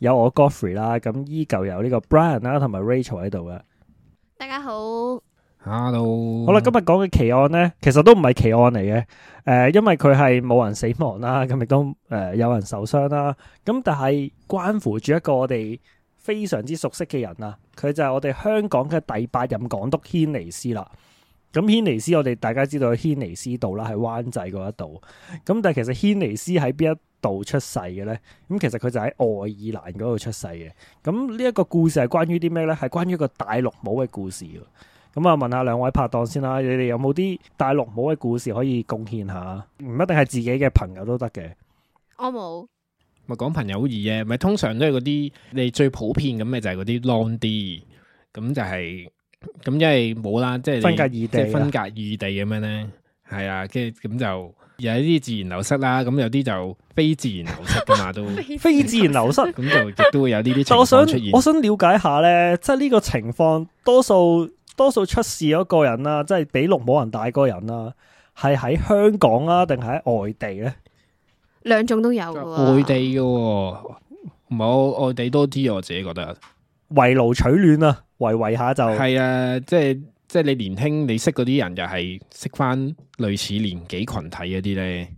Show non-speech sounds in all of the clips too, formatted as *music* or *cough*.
有我 Godfrey 啦，咁依舊有呢個 Brian 啦，同埋 Rachel 喺度嘅。大家好，Hello。好啦，今日講嘅奇案咧，其實都唔係奇案嚟嘅。誒、呃，因為佢係冇人死亡啦，咁亦都誒、呃、有人受傷啦。咁但係關乎住一個我哋非常之熟悉嘅人啊，佢就係我哋香港嘅第八任港督軒尼斯啦。咁軒尼斯我哋大家知道軒尼斯道啦，係灣仔嗰一度。咁但係其實軒尼斯喺邊一道出世嘅咧，咁其實佢就喺愛爾蘭嗰度出世嘅。咁呢一個故事係關於啲咩咧？係關於一個大陸帽嘅故事。咁啊，問下兩位拍檔先啦，你哋有冇啲大陸帽嘅故事可以貢獻下？唔一定係自己嘅朋友都得嘅。我冇。咪講朋友好易啫，咪通常都係嗰啲你最普遍咁嘅就係嗰啲 long D，咁就係咁因為冇啦，即、就、係、是、分隔異地，即係分隔異地咁樣咧。係啊，跟住咁就有一啲自然流失啦，咁有啲就非自然流失噶嘛，都 *laughs* 非自然流失，咁 *laughs* 就亦都會有呢啲情況出現我。我想了解下咧，即係呢個情況，多數多數出事嗰個人啦，即係比六冇人大嗰個人啦，係喺香港啊，定係喺外地咧？兩種都有噶、啊哦，外地嘅，唔好外地多啲啊，我自己覺得圍爐取暖啊，圍圍下就係啊，即係。即係你年輕，你識嗰啲人就係識翻類似年紀群體嗰啲咧。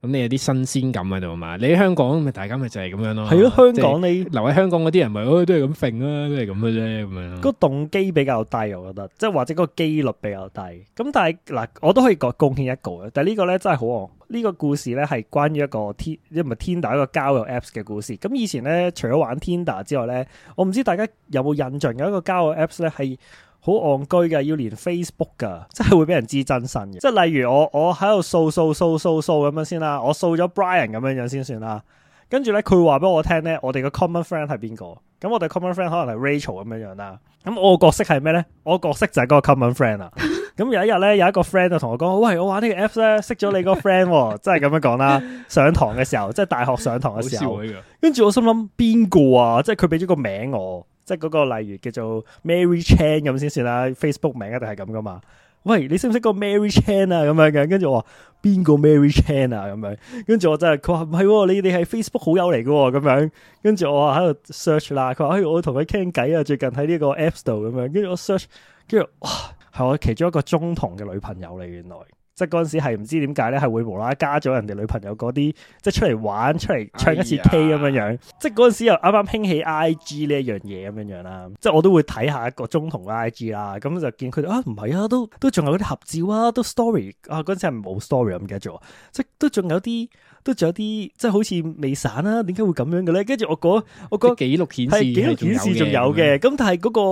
咁你有啲新鮮感喺度嘛？你喺香港咪大家咪就係咁樣咯，啊。係咯，香港是你留喺香港嗰啲人咪，就是哎，都係咁揈啦，都係咁嘅啫，咁樣咯。個動機比較低，我覺得，即係或者嗰個機率比較低。咁但係嗱，呃，我都可以貢貢獻一個嘅。但係呢個咧真係好啊！呢，這個故事咧係關於一個 T，即係唔係 Tinder，一個交友 apps 嘅故事。咁以前咧，除咗玩 Tinder 之外咧，我唔知大家有冇印象有一個交友 apps 咧係。好戇居㗎，要連 Facebook 噶，真係會俾人知真身嘅。即係例如我我喺度掃掃掃掃掃咁樣先啦，我掃咗 Brian 咁樣樣先算啦。跟住咧，佢話俾我聽咧，我哋個 common friend 係邊個？咁我哋 common friend 可能係 Rachel 咁樣樣啦。咁我個角色係咩咧？我角色就係嗰個 common friend 啦。咁 *laughs* 有一日咧，有一個 friend 就同我講：，喂，我玩呢個 apps 咧，識咗你個 friend，真係咁樣講啦。上堂嘅時候，即係大學上堂嘅時候，跟住 *laughs* 我心諗邊個啊？即係佢俾咗個名我。即係嗰個例如叫做 Mary Chan 咁先算啦，Facebook 名一定係咁噶嘛？喂，你識唔識嗰個 Mary Chan 啊？咁樣嘅，跟住我話邊個 Mary Chan 啊？咁樣，跟住我就係佢話唔係，你哋係 Facebook 好友嚟噶喎？咁樣，跟住我喺度 search 啦，佢話哎，我同佢傾偈啊，最近喺呢個 App 度咁樣，跟住我 search，跟住哇，係我其中一個中同嘅女朋友嚟，原來。即嗰陣時係唔知點解咧，係會無啦啦加咗人哋女朋友嗰啲，即出嚟玩出嚟唱一次 K 咁樣樣。即嗰陣時又啱啱興起 IG 呢一樣嘢咁樣樣啦。即我都會睇下一個中同嘅 IG 啦，咁就見佢啊，唔係啊，都都仲有啲合照啊，都 story 啊，嗰陣時係冇 story 唔記得咗，即都仲有啲。都仲有啲即係好似未散啦，點解會咁樣嘅咧？跟住我嗰我嗰記錄顯示記錄顯示仲有嘅，咁、嗯、但係嗰個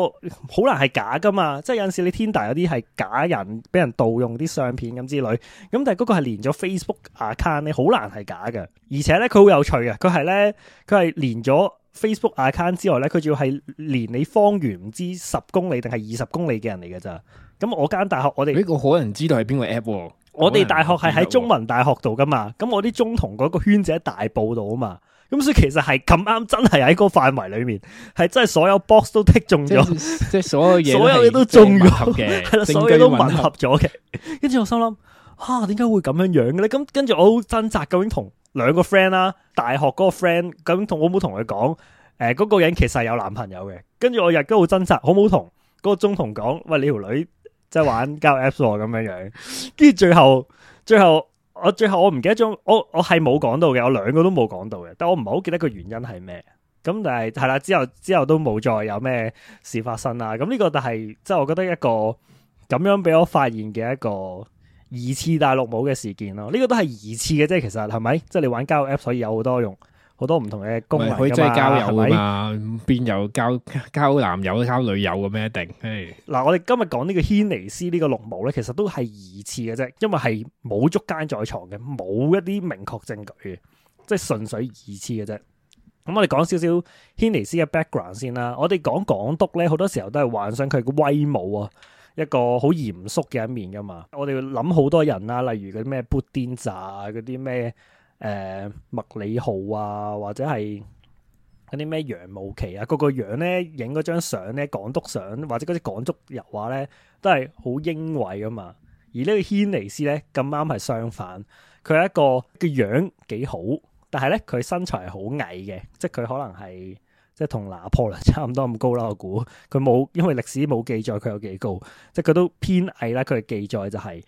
好難係假噶嘛，即係有陣時你 Tinder 有啲係假人俾人盜用啲相片咁之類，咁但係嗰個係連咗 Facebook account，你好難係假嘅。而且咧佢好有趣嘅，佢係咧佢係連咗 Facebook account 之外咧，佢仲要係連你方圓唔知十公里定係二十公里嘅人嚟嘅咋。咁我間大學我哋呢個可能知道係邊個 app，啊。我哋大學係喺中文大學度噶嘛，咁我啲中同嗰個圈子喺大埔度啊嘛，咁所以其實係咁啱，真係喺個範圍裏面，係真係所有 box 都剔中咗，即係所有嘢都， *laughs* 都中咗，係啦，所有嘢都吻合咗嘅。跟住我心諗，啊，點解會咁樣樣嘅咧？咁跟住我好掙扎，究竟同兩個 friend 啦，啊，大學嗰個 friend，究竟同我冇同佢講，誒、呃、嗰、嗰個人其實有男朋友嘅。跟住我日都好掙扎，好冇同嗰個中同講，喂，你條女，即係玩交友 app 咁樣樣，跟住，最後最後，最後我最後我唔記得咗我我係冇講到嘅，我兩個都冇講到嘅，但我唔係好記得個原因係咩，咁但係係啦，之後之後都冇再有咩事發生啦，咁呢個就係、是、即係我覺得一個咁樣俾我發現嘅一個疑似大綠帽嘅事件咯，呢、這個都係疑似嘅，即係其實係咪？即係你玩交友 app 可以有好多用。好多唔同嘅功能噶嘛，係咪？邊有交交男友，交女友咁咩？一定。嗱，我哋今日講呢個軒尼斯呢個綠帽咧，其實都係疑似嘅啫，因為係冇捉奸在床嘅，冇一啲明確證據嘅，即係純粹疑似嘅啫。咁我哋講少少軒尼斯嘅 background 先啦。我哋講港督咧，好多時候都係幻想佢威武啊，一個好嚴肅嘅一面噶嘛。我哋諗好多人啦，例如嗰啲咩砵甸乍啊，嗰啲咩。誒、呃，麥里號啊，或者係嗰啲咩楊慕琦啊，個個樣咧，影嗰張相咧，港督相或者嗰啲港督油畫咧，都係好英偉噶嘛。而呢個軒尼斯咧，咁啱係相反，佢係一個嘅樣幾好，但係咧佢身材係好矮嘅，即係佢可能係即係同拿破崙差唔多咁高啦。我估佢冇，因為歷史冇記載佢有幾高，即係佢都偏矮啦。佢嘅記載就係、是、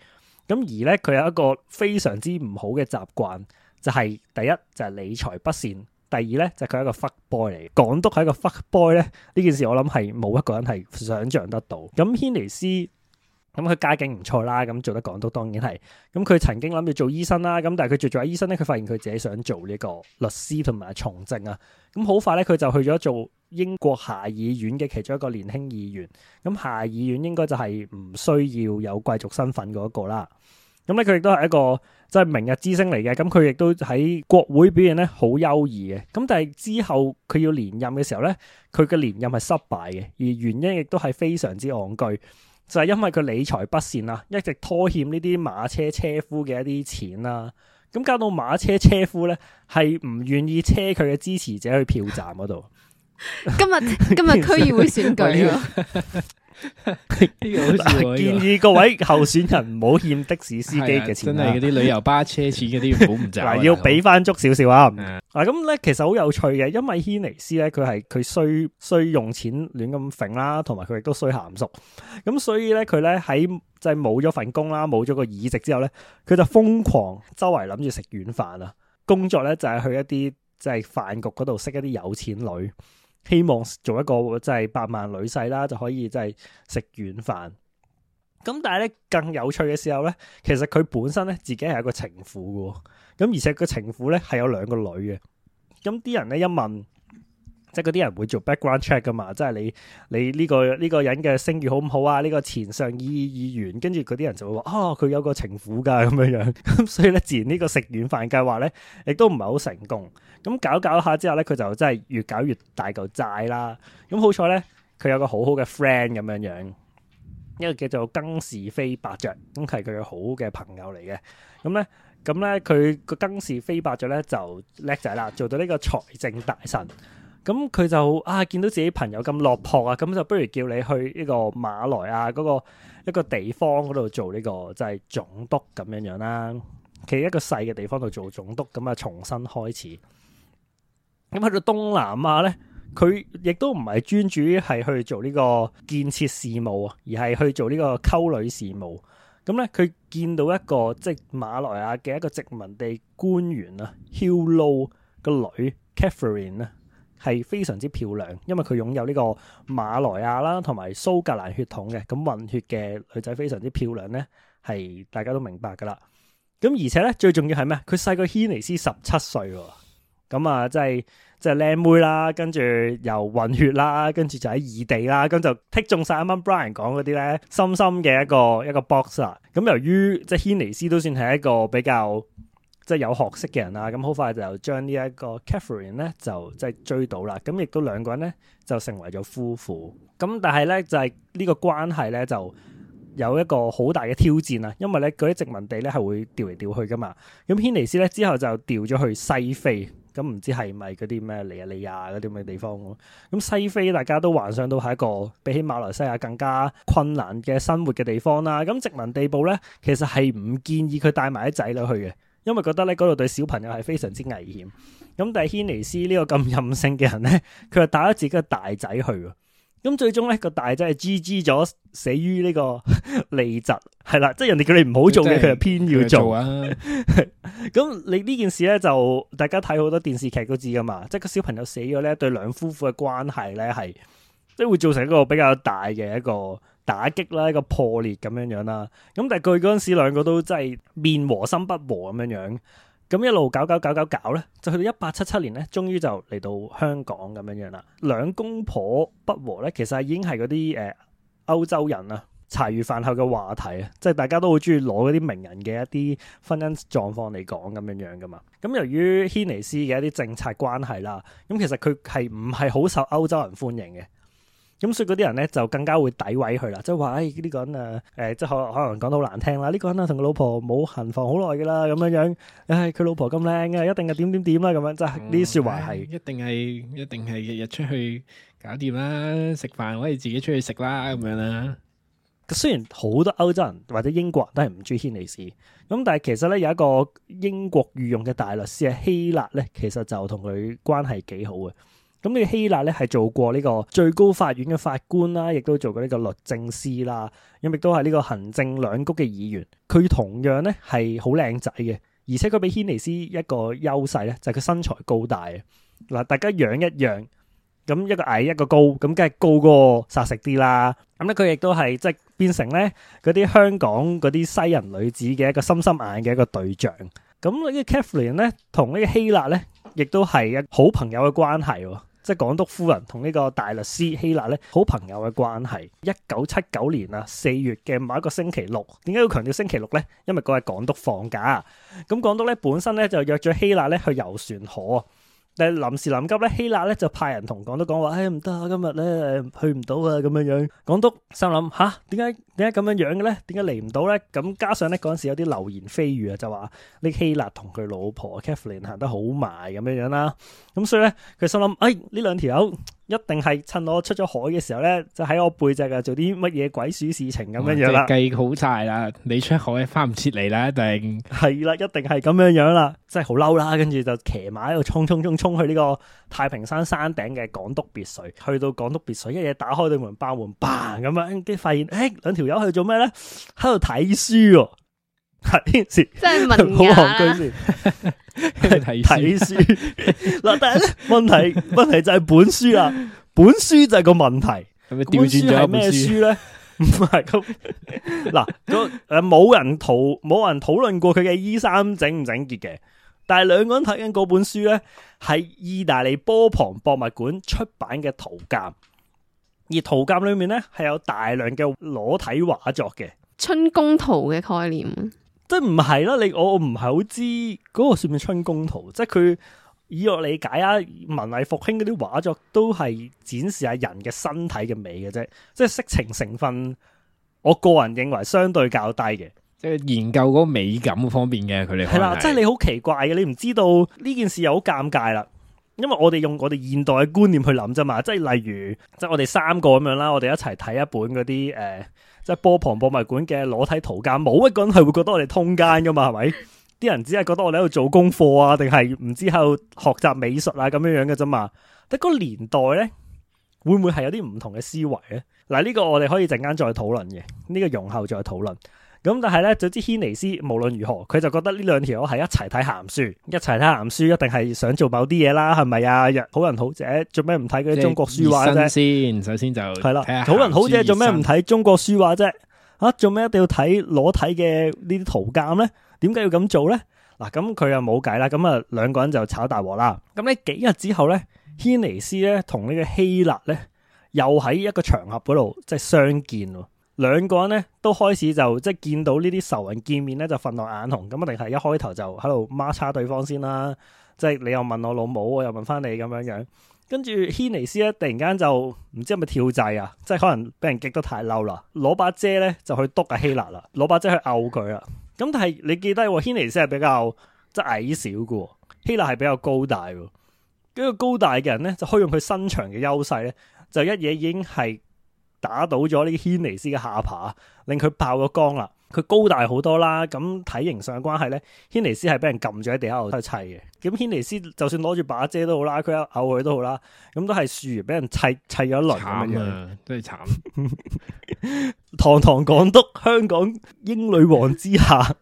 咁，而咧佢有一個非常之唔好嘅習慣。就係第一就係、是、理財不善，第二咧就佢、是、係一個 fuck boy 嚟，港督係一個 fuck boy 咧，呢件事我諗係冇一個人係想象得到。咁軒尼斯咁佢家境唔錯啦，咁做得港督當然係。咁佢曾經諗住做醫生啦，咁但係佢做咗醫生咧，佢發現佢自己想做呢個律師同埋從政啊。咁好快咧，佢就去咗做英國下議院嘅其中一個年輕議員。咁下議院應該就係唔需要有貴族身份嗰一個啦。咁咧佢亦都係一個。即係明日之星嚟嘅，咁佢亦都喺國會表現咧好優異嘅，咁但係之後佢要連任嘅時候咧，佢嘅連任係失敗嘅，而原因亦都係非常之昂貴，就係因為佢理財不善啦，一直拖欠呢啲馬車車夫嘅一啲錢啦，咁加到馬車車夫咧係唔願意車佢嘅支持者去票站嗰度。 *laughs* 今日今日區議會選舉 *laughs* *laughs* *laughs* 建議各位候選人唔好欠的士司機嘅錢、啊 *laughs* 啊，真係嗰啲旅遊巴車錢嗰啲好唔齊。嗱，要俾翻、啊、 *laughs* 足少少啊、, *laughs* 嗯、啊！嗱，咁咧其實好有趣嘅，因為軒尼斯咧，佢係佢衰衰用錢亂咁揈啦，同埋佢亦都衰鹹濕。咁所以咧，佢咧喺就係冇咗份工啦，冇咗個議席之後咧，佢就瘋狂周圍諗住食軟飯啊！工作咧就係、是、去一啲就係、是、飯局嗰度識一啲有錢女。希望做一個即係百萬女婿啦，就可以即係食軟飯。咁但係咧更有趣嘅時候咧，其實佢本身咧自己係一個情婦嘅，咁而且個情婦咧係有兩個女嘅。咁啲人咧一問。即係嗰啲人會做 background check 噶嘛？即係你你呢、這個呢、這個人嘅聲譽好唔好啊？呢、這個前上議議員跟住佢啲人就會話，哦，佢有個情婦噶咁樣樣咁， *laughs* 所以咧自然呢個食軟飯計劃咧亦都唔係好成功。咁、嗯、搞搞下之後咧，佢就真係越搞越大嚿債啦。咁、嗯、好彩咧，佢有個好好嘅 friend 咁樣樣，一個叫做更氏非伯爵，咁，係佢嘅好嘅朋友嚟嘅。咁咧咁咧，佢、嗯、個更氏非伯爵咧就叻仔啦，做到呢個財政大臣。咁佢就啊，見到自己朋友咁落魄啊，咁就不如叫你去呢個馬來亞嗰個一個地方嗰度做呢、這個就係、是、總督咁樣樣啦。企一個細嘅地方度做總督，咁啊重新開始。咁去到東南亞咧，佢亦都唔係專注於係去做呢個建設事務，而係去做呢個溝女事務。咁咧，佢見到一個即係、就是、馬來亞嘅一個殖民地官員啊，h l Hugh Low 個女 Catherine 咧。Catherine，係非常之漂亮，因為佢擁有呢個馬來亞啦同埋蘇格蘭血統嘅咁混血嘅女仔非常之漂亮呢，係大家都明白噶啦。咁而且呢，最重要係咩？佢細過軒尼斯十七歲喎，咁啊即係即係靚妹啦，跟住又混血啦，跟住就喺異地啦，咁就剔中晒啱啱 Brian 講嗰啲呢，深深嘅一個一個 box 啦、啊。咁由於即係軒尼斯都算係一個比較即係有學識嘅人啊，咁好快就將呢一個 Catherine 咧就即係追到啦，咁亦都兩個人咧就成為咗夫婦。咁但係咧就係、是、呢個關係咧就有一個好大嘅挑戰啦，因為咧嗰啲殖民地咧係會調嚟調去噶嘛。咁軒尼斯咧之後就調咗去西非，咁唔知係咪嗰啲咩尼日利亞嗰啲咁嘅地方咯？咁西非大家都幻想到係一個比起馬來西亞更加困難嘅生活嘅地方啦。咁殖民地部咧其實係唔建議佢帶埋啲仔女去嘅。因為覺得咧嗰度對小朋友係非常之危險，咁但係軒尼斯個呢個咁任性嘅人咧，佢就打咗自己嘅大仔去，咁最終咧個大仔係 GG 咗死於呢、呢個痢疾，係 *laughs* *laughs* 啦，即係人哋叫你唔好做嘅，佢就偏要做，做啊。咁 *laughs* 你呢件事咧就大家睇好多電視劇都知噶嘛，即係個小朋友死咗咧，對兩夫婦嘅關係咧係即係會造成一個比較大嘅一個。打擊啦，一個破裂咁樣樣啦，咁但係佢嗰陣時兩個都真係面和心不和咁樣樣，咁一路搞搞搞搞搞咧，就去到一八七七年咧，終於就嚟到香港咁樣樣啦。兩公婆不和咧，其實已經係嗰啲誒歐洲人啊茶餘飯後嘅話題啊，即係大家都好鍾意攞嗰啲名人嘅一啲婚姻狀況嚟講咁樣樣噶嘛。咁由於軒尼斯嘅一啲政策關係啦，咁其實佢係唔係好受歐洲人歡迎嘅。咁、嗯、所以嗰啲人咧就更加會詆毀佢啦，即係話，誒呢、這個人誒誒，即係可可能講到好難聽啦，呢個人啊同佢老婆冇行房好耐嘅啦，咁樣樣，唉、哎，佢老婆咁靚嘅，一定係點點點啦，咁樣，即係呢說話係、嗯哎、一定係一定係日日出去搞掂啦，食飯可以自己出去食啦，咁樣啦。雖然好多歐洲人或者英國人都係唔鍾意軒尼斯，咁但係其實咧有一個英國御用嘅大律師希臘咧，其實就同佢關係幾好嘅。咁呢個希臘咧係做過呢個最高法院嘅法官啦，亦都做過呢個律政司啦，咁亦都係呢個行政兩局嘅議員。佢同樣咧係好靚仔嘅，而且佢比軒尼斯一個優勢咧就係佢身材高大啊！嗱，大家養一養，咁一個矮一個高，咁梗係高過殺食啲啦。咁咧佢亦都係即係變成咧嗰啲香港嗰啲西人女子嘅一個心心眼嘅一個對象。咁呢個凱芙蓮咧同呢個希臘咧亦都係一好朋友嘅關係喎。即係港督夫人同呢個大律師希臘咧好朋友嘅關係。一九七九年啊四月嘅某一個星期六，點解要強調星期六咧？因為嗰日港督放假啊。咁港督咧本身咧就約咗希臘咧去遊船河啊。但係臨時臨急咧，希臘咧就派人同港督講話，哎唔得啊，今日咧去唔到啊，咁樣樣。港督心諗吓，點解點解咁樣樣嘅咧？點解嚟唔到咧？咁加上咧嗰陣時有啲流言蜚語啊，就話呢希臘同佢老婆 Kathleen 行得好埋咁樣樣啦。咁所以咧佢心諗，哎呢兩條友。一定係趁我出咗海嘅時候咧，就喺我背脊啊做啲乜嘢鬼鼠事情咁樣樣啦！計好晒啦，你出海翻唔切嚟啦，一定係啦，一定係咁樣樣啦，即係好嬲啦，跟住就騎馬喺度衝衝衝衝衝去呢個太平山山頂嘅港督別墅，去到港督別墅一嘢打開對門，爆門嘭咁樣，跟住發現誒，兩條友去做咩咧？喺度睇書哦！係，即係問好韓劇先睇睇書嗱， *laughs* 但係咧問題問題就係本書啦，本書就係個問題。係咪調轉咗本書係咩書咧？唔係咁嗱，誒冇人討冇人討論過佢嘅衣衫整唔整潔嘅，但係兩個人睇緊嗰本書咧，係意大利波旁博物館出版嘅圖鑑，而圖鑑裏面咧係有大量嘅裸體畫作嘅春宮圖嘅概念。即係唔係啦？你我我唔係好知嗰個算唔算春宮圖？即係佢以我理解啊，文藝復興嗰啲畫作都係展示下人嘅身體嘅美嘅啫，即係色情成分，我個人認為相對較低嘅。即係研究嗰個美感方面嘅佢哋係啦，即係你好奇怪嘅，你唔知道呢件事又好尷尬啦。因為我哋用我哋現代嘅觀念去諗啫嘛，即係例如、呃，即係我哋三個咁樣啦，我哋一齊睇一本嗰啲誒，即係波旁博物館嘅裸體圖鑑，冇一個人係會覺得我哋通奸噶嘛，係咪？啲人只係覺得我哋喺度做功課啊，定係唔知喺度學習美術啊咁樣樣嘅啫嘛。但係嗰個年代咧，會唔會係有啲唔同嘅思維咧？嗱，呢、這個我哋可以陣間再討論嘅，呢、這個容後再討論。咁但係咧，就知軒尼斯無論如何，佢就覺得呢兩條友係一齊睇鹹書，一齊睇鹹書，一定係想做某啲嘢啦，係咪啊？好人好姐，做咩唔睇嗰啲中國書畫啫？先首先就係啦了，看看好人好姐做咩唔睇中國書畫啫？吓、啊，做咩一定要睇裸體嘅呢啲圖鑑咧？點解要咁做咧？嗱，咁佢又冇計啦，咁啊，兩個人就炒大鑊啦。咁呢幾日之後咧，軒尼斯咧同呢個希臘咧，又喺一個場合嗰度即係相見喎。兩個人咧都開始就即係見到呢啲仇人見面咧就分外眼紅，咁一定係一開頭就喺度孖叉對方先啦。即係你又問我老母，我又問翻你咁樣樣，跟住軒尼斯咧突然間就唔知係咪跳掣啊，即係可能俾人激得太嬲啦，攞把遮咧就去督阿希臘啦，攞把遮去毆佢啦。咁但係你記得軒尼斯係比較即係矮小嘅，希臘係比較高大。跟住高大嘅人咧就可以用佢身長嘅優勢咧，就一嘢已經係。打倒咗呢個軒尼斯嘅下巴，令佢爆咗光啦！佢高大好多啦，咁體型上嘅關係咧，軒尼斯係俾人撳住喺地下度砌嘅。咁軒尼斯就算攞住把遮都好啦，佢咬佢都好啦，咁都係輸，俾人砌砌咗一輪。慘啊！真係慘！ *laughs* 堂堂港督，香港英女王之下，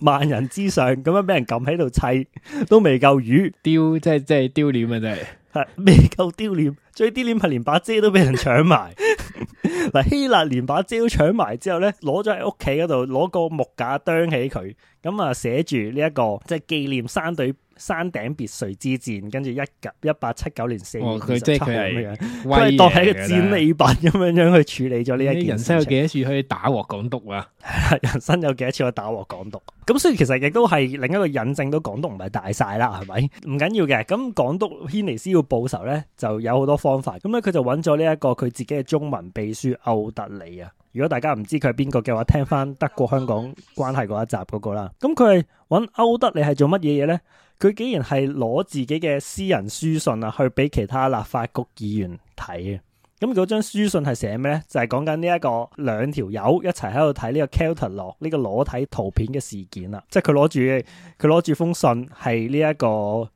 萬人之上，咁樣俾人撳喺度砌，都未夠魚丟，真真係丟臉啊！真係，係未夠丟臉，最丟臉係連把遮都俾人搶埋。 *laughs* 嗱， *laughs* 希臘連把蕉搶埋之後咧，攞咗喺屋企嗰度，攞個木架啄起佢，咁啊寫住呢一個即係紀念山隊。山頂別墅之戰，跟住一九一八七九年四佢即十七咁樣，佢係當係一個戰利品咁樣樣去處理咗呢一件。人生有幾多次可以打獲港督啊？ *laughs* 人生有幾多次可以打獲港督？咁所以其實亦都係另一個引證，都港督唔係大晒啦，係咪？唔緊要嘅。咁港督軒尼斯要報仇咧，就有好多方法。咁咧佢就揾咗呢一個佢自己嘅中文秘書歐德理啊。如果大家唔知佢係邊個嘅話，聽翻德國香港關係嗰一集嗰個啦。咁佢係揾歐德理係做乜嘢嘢咧？佢竟然係攞自己嘅私人書信啊，去俾其他立法局議員睇嘅。咁嗰張書信係寫咩咧？就係講緊呢一個兩條友一齊喺度睇呢個 Kelton 落呢個裸體圖片嘅事件啦。即係佢攞住佢攞住封信係呢一個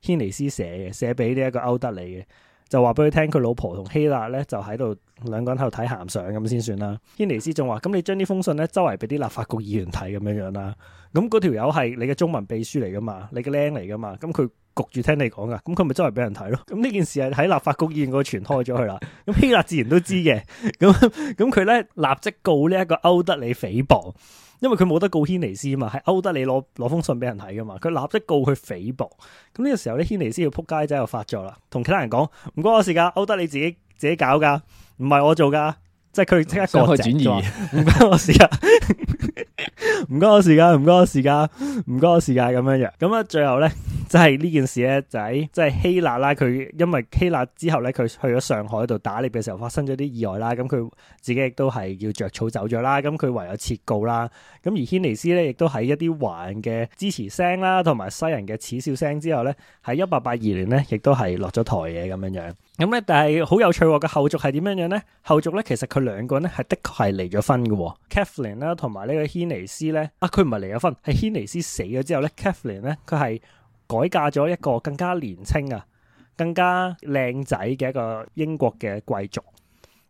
軒尼斯寫嘅，寫俾呢一個歐德里嘅。就話俾佢聽，佢老婆同希臘咧就喺度兩個人喺度睇咸相咁先算啦。軒尼斯仲話：咁你將呢封信咧周圍俾啲立法局議員睇咁樣樣啦。咁嗰條友係你嘅中文秘書嚟噶嘛？你嘅靚嚟噶嘛？咁佢焗住聽你講噶，咁佢咪周圍俾人睇咯？咁呢件事係喺立法局議員度傳開咗佢啦。咁 *laughs* 希臘自然都知嘅。咁咁佢咧立即告呢一個歐德里誹謗。因為佢冇得告軒尼斯嘛，係歐德利攞攞封信俾人睇噶嘛，佢立即告佢誹謗。咁呢個時候咧，軒尼斯要扑街仔又發作啦，同其他人講，唔關我事噶，歐德利自己自己搞噶，唔係我做噶，即係佢即刻角色轉移說，唔 *laughs* 關我事噶，唔 *laughs* *laughs* 關我事噶，唔關我事噶，唔關我事噶，咁樣樣。咁啊，最後咧。就係呢件事咧，就喺即係希臘啦。佢因為希臘之後咧，佢去咗上海度打獵嘅時候發生咗啲意外啦。咁佢自己亦都係要着草走咗啦。咁佢唯有撤告啦。咁而軒尼斯咧，亦都喺一啲華人嘅支持聲啦，同埋西人嘅恥笑聲之後咧，喺一八八二年咧，亦都係落咗台嘢。咁樣樣。咁咧，但係好有趣嘅後續係點樣樣咧？後續咧，其實佢兩個人咧係的確係離咗婚嘅。Catherine 啦，同埋呢個軒尼斯咧，啊佢唔係離咗婚，係軒尼斯死咗之後咧 Catherine 咧佢係。改嫁咗一個更加年青啊、更加靚仔嘅一個英國嘅貴族。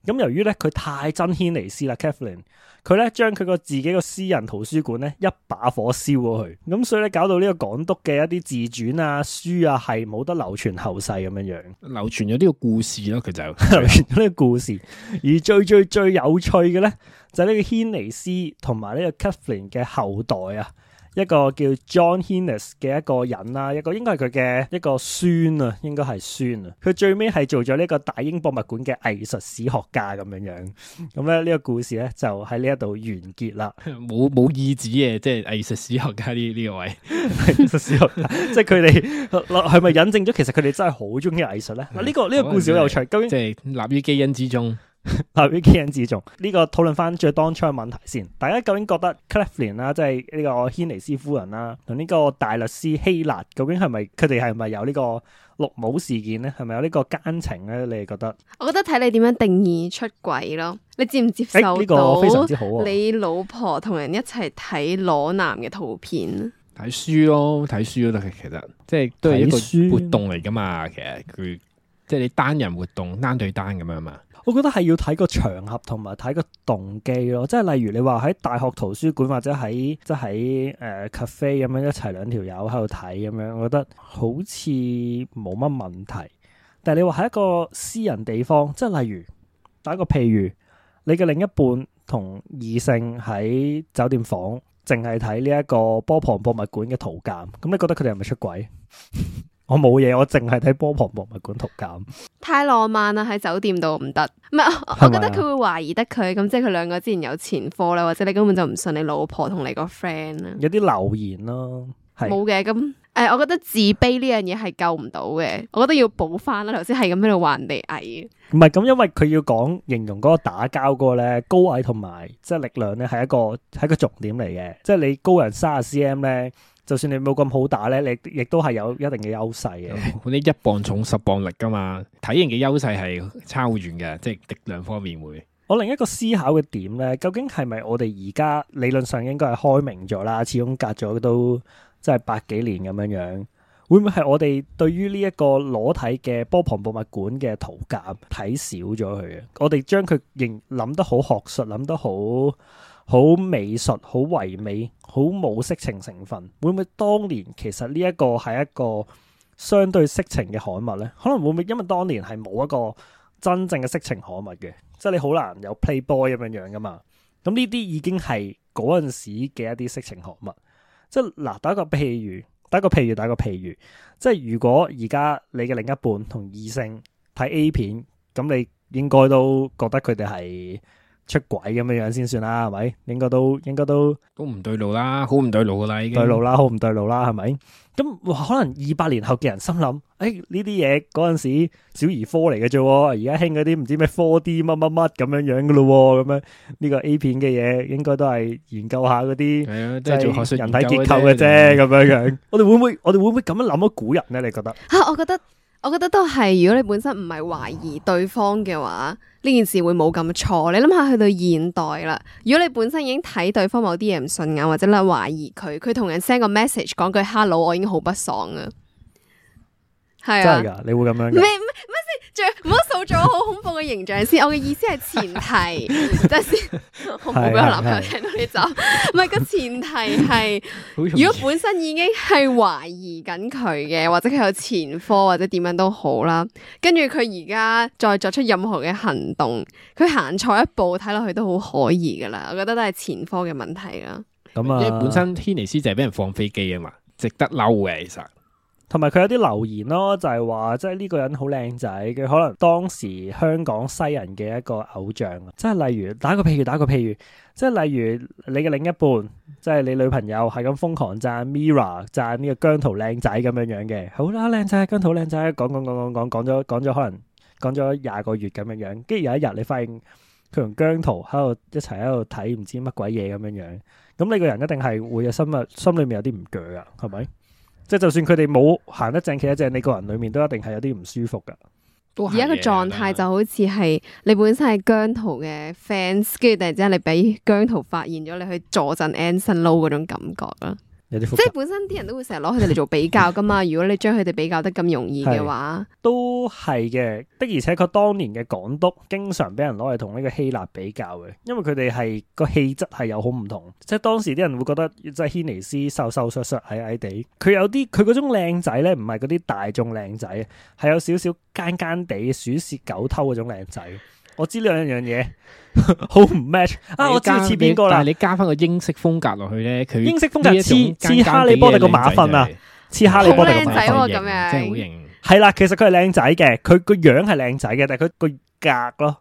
咁由於咧佢太憎軒尼斯啦 Catherine 佢咧將佢個自己個私人圖書館咧一把火燒過去，咁所以咧搞到呢個港督嘅一啲自傳啊、書啊係冇得流傳後世咁樣樣。流傳咗呢個故事咯，佢就 *laughs* 流傳呢個故事。而最最最,最有趣嘅咧，就呢、是、個軒尼斯同埋呢個 Catherine 嘅後代啊。一個叫 John Hennessy 嘅一個人啦，一個應該係佢嘅一個孫啊，應該係孫啊。佢最尾係做咗呢個大英博物館嘅藝術史學家咁樣樣。咁咧呢個故事咧就喺呢一度完結啦。冇冇意指嘅，即係藝術史學家呢呢、這個、位藝術 *laughs* 史學家，即係佢哋係咪引證咗？其實佢哋真係好中意藝術咧。嗱呢、 *laughs* 啊這個呢、這個故事好有趣，究竟即係立於基因之中。代表見人自重，呢、這個討論翻最當初嘅問題先。大家究竟覺得克林啦，即係呢個軒尼斯夫人啦，同呢個大律師希臘究竟係咪佢哋係咪有呢個綠帽事件咧？係咪有呢個奸情咧？你哋覺得？我覺得睇你點樣定義出軌咯。你接唔接受到、哎？誒，呢個非常之好啊！你老婆同人一齊睇裸男嘅圖片，睇書咯，睇書都得。其實，其實即係都係一個書活動嚟噶嘛。其實佢即係你單人活動，單對單咁樣嘛。我覺得係要睇個場合同埋睇個動機咯，即係例如你話喺大學圖書館或者喺即係喺誒 cafe 咁樣一齊兩條友喺度睇咁樣，我覺得好似冇乜問題。但係你話喺一個私人地方，即係例如打個譬如，你嘅另一半同異性喺酒店房淨係睇呢一個波旁博物館嘅圖鑑，咁你覺得佢哋係咪出軌？ *laughs* 我冇嘢，我淨係睇波旁博物館圖鑑。太浪漫啦，喺酒店度唔得。唔係，我覺得佢會懷疑得佢，咁吧即係佢兩個之前有前科啦，或者你根本就唔信你老婆同你個 friend 啦。有啲留言咯，啊，冇嘅。咁誒、哎，我覺得自卑呢樣嘢係救唔到嘅。我覺得要補翻啦。頭先係咁喺度話人哋矮。唔係咁，因為佢要講形容嗰個打交嗰咧高矮同埋即係力量咧係一個係個重點嚟嘅。即係你高人三十 cm 咧。就算你冇咁好打呢，你亦都係有一定嘅優勢嘅。嗰啲 *laughs* 一磅重十磅力，噶嘛，體型嘅優勢係超遠嘅，即係力量方面會。我另一個思考嘅點呢，究竟係咪我哋而家理論上應該係開明咗啦？始終隔咗都即係百幾年咁樣樣，會唔會係我哋對於呢一個裸體嘅波旁博物館嘅圖鑑睇少咗佢？我哋將佢認諗得好學術，諗得好，好美術，好唯美，好冇色情成分，會唔會當年其實呢一個係一個相對色情嘅刊物呢？可能會唔會因為當年係冇一個真正嘅色情刊物嘅，即係你好難有 playboy 咁樣樣噶嘛？咁呢啲已經係嗰陣時嘅一啲色情刊物，即係嗱，打一個譬如，打一個譬如，打一個譬如，即係如果而家你嘅另一半同異性睇 A 片，咁你應該都覺得佢哋係。出軌咁樣樣先算啦，係咪？應該都，應該都都唔對，對，對路啦，好唔對路噶啦，已經對路啦，好唔對路啦，係咪？咁可能二百年後嘅人心諗，誒呢啲嘢嗰陣時小兒科嚟嘅啫，而家興嗰啲唔知咩 4D 乜乜乜咁樣樣噶咯，咁樣呢、這個 A 片嘅嘢，應該都係研究下嗰啲，即係、啊就是、做學術人體結構嘅啫，咁樣樣。 *laughs* 我哋會唔會我哋會唔會咁樣諗起古人咧？你覺得？吓， *laughs* 我覺得，我覺得都係，如果你本身唔係懷疑對方嘅話。 *laughs* 呢件事會冇咁錯，你諗下去到現代啦，如果你本身已經睇對方某啲嘢唔順眼，或者你懷疑佢，佢同人 send 個 message 講句 Hello，我已經好不爽啊，係啊，真係㗎，你會咁樣咩？咩咩咩最唔好塑造好恐怖嘅形象先， *laughs* 我嘅意思係前提，即係先，我冇好俾我男朋友聽到呢就，唔係，個前提係， *laughs* 易如果本身已經係懷疑緊佢嘅，或者佢有前科或者點樣都好啦，跟住佢而家再作出任何嘅行動，佢行錯一步，睇落去都好可疑噶啦，我覺得都係前科嘅問題啦。咁啊，因為本身軒尼斯就係俾人放飛機啊嘛，值得嬲嘅其實。同埋佢有啲留言咯、哦，就係、是、話即係呢個人好靚仔，佢可能當時香港西人嘅一個偶像。即係例如打個譬如打個譬如，即係例如你嘅另一半，即係你女朋友，係咁瘋狂讚 Mirror，讚呢個姜濤靚仔咁樣樣嘅。好啦，靚仔姜濤靚仔，講講講講講講咗講咗可能講咗廿個月咁樣樣，跟住有一日你發現佢同姜濤喺度一齊喺度睇唔知乜鬼嘢咁樣樣，咁你個人一定係會有心啊，心裏面有啲唔鋸啊，係咪？即係就算佢哋冇行得正企得正，你個人裡面都一定係有啲唔舒服噶。哇而家個狀態就好似係你本身係姜濤嘅 fans，跟住突然之間你俾姜濤發現咗你去助陣 Anson Lo 嗰種感覺啦。即係本身啲人都會成日攞佢哋嚟做比較㗎嘛，如果你將佢哋比較得咁容易嘅話，都係嘅。的而且確當年嘅港督經常俾人攞嚟同呢個希臘比較嘅，因為佢哋係個氣質係有好唔同。即係當時啲人會覺得，即係軒尼斯瘦瘦削削矮矮哋，佢有啲佢嗰種靚仔咧，唔係嗰啲大眾靚仔，係有少少奸奸哋鼠竊狗偷嗰種靚仔。我知呢兩樣嘢 *laughs* 好唔 match *laughs* 啊！我知似邊個啦，你加翻個英式風格落去咧，佢英式風格似似哈利波特個馬糞啊，似、 *laughs* 就是、哈利波特個馬糞咁樣即係好型、啊，係啦 *laughs* *laughs* *laughs* 其實佢係靚仔嘅，佢個樣係靚仔嘅，但係佢個格咯。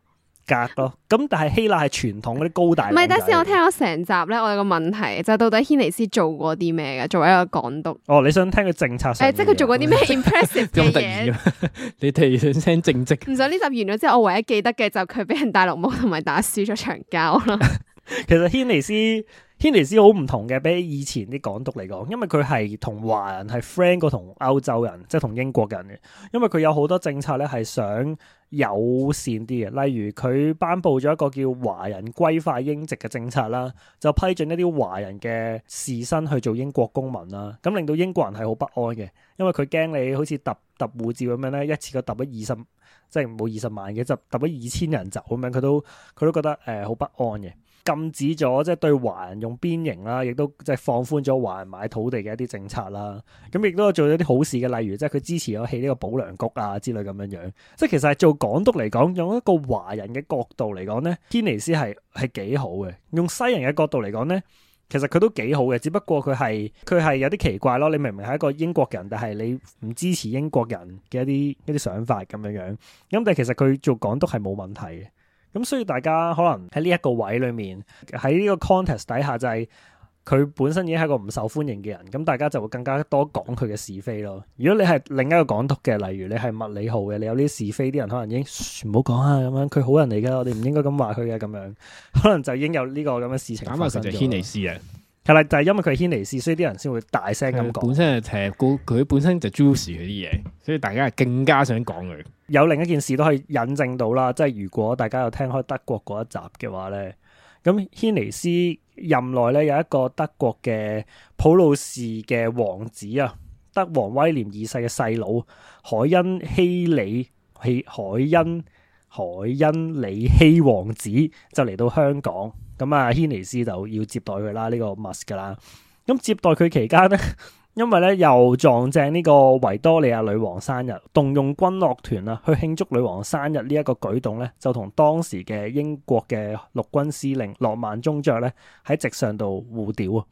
格咯，咁但係希臘係傳統嗰啲高大。唔係，等下先，我聽咗成集咧，我有個問題，就係到底軒尼斯做過啲咩嘅？作為一個港督。哦，你想聽佢政策？誒，即係佢做過啲咩 impressive 嘅嘢？ *laughs* *laughs* 你哋想聽政績？唔想呢集完咗之後，我唯一記得嘅就佢俾人戴綠帽，同埋打輸咗場交啦。 *laughs* 其實軒尼斯。軒尼斯好唔同嘅，比起以前啲港督嚟講，因為佢係同華人係 friend 過同歐洲人，即係同英國人嘅。因為佢有好多政策咧係想友善啲嘅，例如佢頒布咗一個叫華人歸化英籍嘅政策啦，就批准一啲華人嘅士紳去做英國公民啦，咁令到英國人係好不安嘅，因為佢驚你好似揼揼護照咁樣咧，一次過揼咗二十，即係冇二十萬嘅，就揼咗二千人走咁樣，佢都佢都覺得誒好、呃、不安嘅。禁止咗即係對華人用鞭刑啦，亦都即係放寬咗華人買土地嘅一啲政策啦。咁亦都做咗啲好事嘅，例如即係佢支持咗起呢個保良局啊之類咁樣樣。即係其實係做港督嚟講，用一個華人嘅角度嚟講咧，軒尼斯係係幾好嘅。用西人嘅角度嚟講咧，其實佢都幾好嘅，只不過佢係佢係有啲奇怪咯。你明明係一個英國人，但係你唔支持英國人嘅一啲一啲想法咁樣樣。咁但係其實佢做港督係冇問題嘅。咁、嗯、所以大家可能喺呢一個位裏面，喺呢個 context 底下就係、是、佢本身已經係一個唔受歡迎嘅人，咁、嗯、大家就會更加多講佢嘅是非咯。如果你係另一個港督嘅，例如你係麥理浩嘅，你有啲是非，啲人可能已經唔好講啊，咁樣佢好人嚟噶，我哋唔應該咁話佢嘅咁樣，可能就已經有呢個咁嘅事情發生咗。講埋就軒尼斯嘅。係啦，就係、是、因為佢係軒尼斯，所以啲人先會大聲咁講。本身,本身就係估佢本身就 Juice 嗰啲嘢，所以大家係更加想講佢。有另一件事都可以引證到啦，即係如果大家有聽開德國嗰一集嘅話咧，咁軒尼斯任內咧有一個德國嘅普魯士嘅王子啊，德王威廉二世嘅細佬海恩希里希海恩海恩里希王子就嚟到香港。咁啊，軒尼斯就要接待佢啦，呢、這個 must 噶啦。咁、嗯、接待佢期間呢，因為咧又撞正呢個維多利亞女王生日，動用軍樂團啊去慶祝女王生日呢一個舉動咧，就同當時嘅英國嘅陸軍司令諾曼中將咧喺直上度互調啊。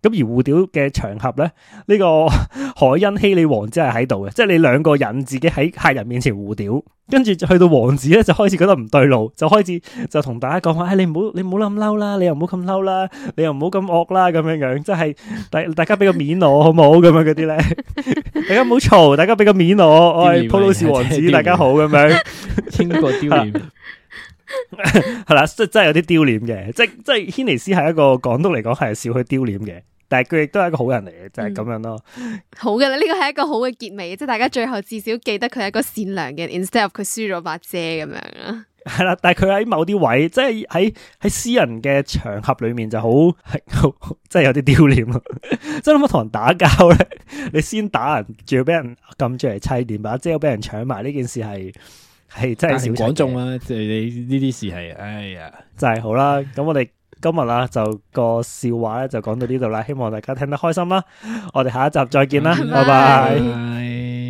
咁而胡屌嘅場合咧，呢、這個海恩希利王子係喺度嘅，即係你兩個人自己喺客人面前胡屌，跟住去到王子咧就開始覺得唔對路，就開始就同大家講話：，唉、哎，你唔好你唔好咁嬲啦，你又唔好咁嬲啦，你又唔好咁惡啦，咁樣樣即係大大家俾個面我好唔好？咁樣嗰啲咧，大家唔好嘈， *laughs* 大家俾個面我，我係、啊哎、普魯士王子，啊、大家好咁樣，聽過丟臉、啊，係啦， *laughs* 即係真係有啲丟臉嘅，即即係軒尼斯係一個港督嚟講係少去丟臉嘅。但係佢亦都係一個好人嚟嘅，就係、是、咁樣咯、嗯。好嘅啦，呢個係一個好嘅結尾，即係大家最後至少記得佢係一個善良嘅。instead of 佢輸咗把遮咁樣啦。係啦，但係佢喺某啲位，即係喺喺私人嘅場合裏面就好，係好，真係有啲丟臉咯。真同人打交咧， *laughs* 你先打人，仲要俾人撳住嚟砌，連把遮俾人搶埋，呢件事係係真係少。講中啦。即啊，你呢啲事係，哎呀，真係、 *laughs* 就是、好啦。咁我哋。今日啦，就個笑話咧，就講到呢度啦，希望大家聽得開心啦，我哋下一集再見啦，拜拜。